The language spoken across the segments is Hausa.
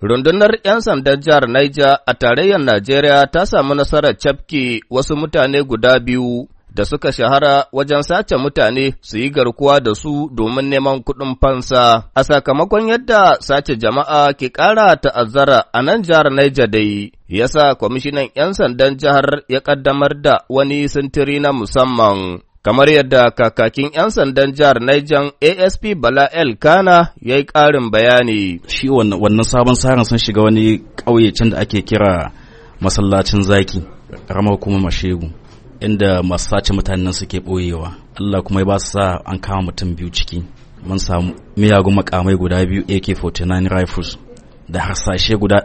Rundunar ‘yan sandan jihar Niger a tarayyar Najeriya ta samu nasarar cafke wasu mutane guda biyu da suka shahara wajen sace mutane su yi garkuwa da su domin neman kuɗin fansa, a sakamakon yadda sace jama'a ke ƙara ta'azzara a nan jihar Niger dai, yasa kwamishinan ‘yan sandan jihar ya ƙaddamar da wani sintiri na musamman. kamar yadda kakakin 'yan sandan jihar Niger ASP Bala El Kana ya yi ƙarin bayani. Shi wannan sabon tsarin sun shiga wani ƙauye can da ake kira masallacin zaki, ramar kuma mashegu, inda masu sace mutanen suke ɓoyewa. Allah kuma ya ba su sa an kama mutum biyu ciki. Mun samu miyagun makamai guda biyu AK-49 rifles da harsashe guda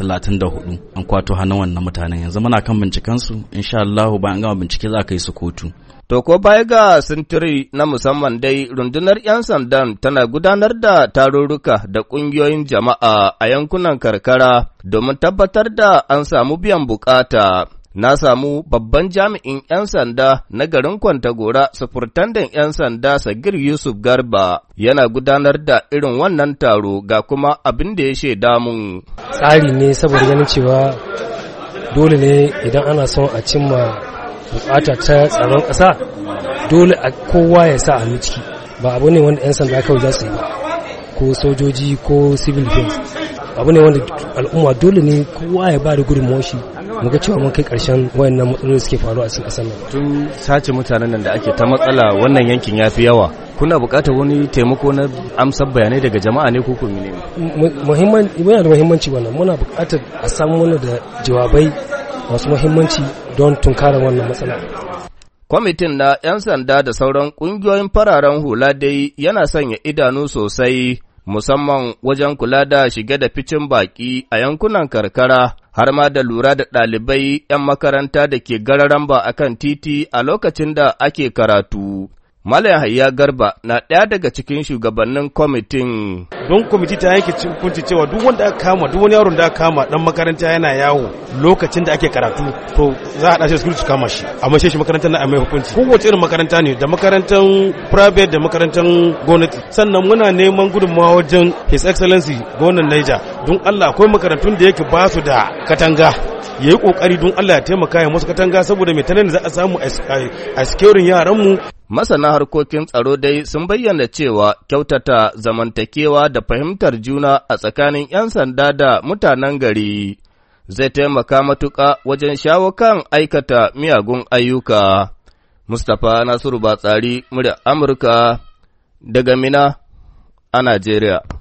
talatin da hudu an kwato hannun wannan mutanen yanzu muna kan bincikensu insha Allah bayan gama bincike za ka yi su kotu. To ko baya ga sintiri na musamman dai rundunar 'yan sandan tana gudanar da tarurruka da ƙungiyoyin jama'a a yankunan karkara domin tabbatar da an samu biyan bukata. Na samu babban jami'in 'yan sanda na garin Kwantagora sufurtandan 'yan sanda Sagir Yusuf Garba yana gudanar da irin wannan taro ga kuma abin da ya shaida mun. tsari ne saboda ganin cewa dole ne idan ana son a cimma bukata ta tsaron ƙasa dole a kowa ya sa hannu ciki ba abu ne wanda 'yan sanda kawai za su yi ba ko sojoji ko civil defense abu ne wanda al'umma dole ne kowa ya ba da gudunmawar shi mu ga cewa mun kai karshen wayannan matsaloli suke faruwa a cikin ƙasar nan tun sace mutanen nan da ake ta matsala wannan yankin ya fi yawa kuna buƙatar wani taimako na amsar bayanai daga jama'a ne ko kuma ne muhimman yana da muhimmanci wannan muna buƙatar a samu mana da jawabai masu muhimmanci don tunkara wannan matsala kwamitin na 'yan sanda da sauran ƙungiyoyin fararen hula dai yana sanya idanu sosai musamman wajen kula da shige da ficin baƙi a yankunan karkara har ma da lura da ɗalibai ‘yan makaranta da ke gararamba a kan titi a lokacin da ake karatu, Malam Hayya Garba na ɗaya daga cikin shugabannin kwamitin. Don kwamiti ta yanke hukunci cewa duk wanda aka kama duk wani yaron da aka kama dan makaranta yana yawo lokacin da ake karatu to za a dace su kama shi a mashe shi makaranta na a mai hukunci. Kowace irin makaranta ne da makarantar private da makarantar gwamnati. Sannan muna neman gudunmawa wajen His Excellency gwamnan Niger don Allah akwai makarantun da yake ba su da katanga. ya yi kokari don Allah ya taimaka ya musu katanga saboda mai tanan za a samu a yaran yaranmu Masana harkokin tsaro dai sun bayyana cewa kyautata zamantakewa da fahimtar juna a tsakanin ‘yan sanda da mutanen gari zai taimaka matuƙa wajen shawo kan aikata miyagun ayyuka. Mustapha Nasiru Batsari, murya Amurka, daga Mina a Najeriya.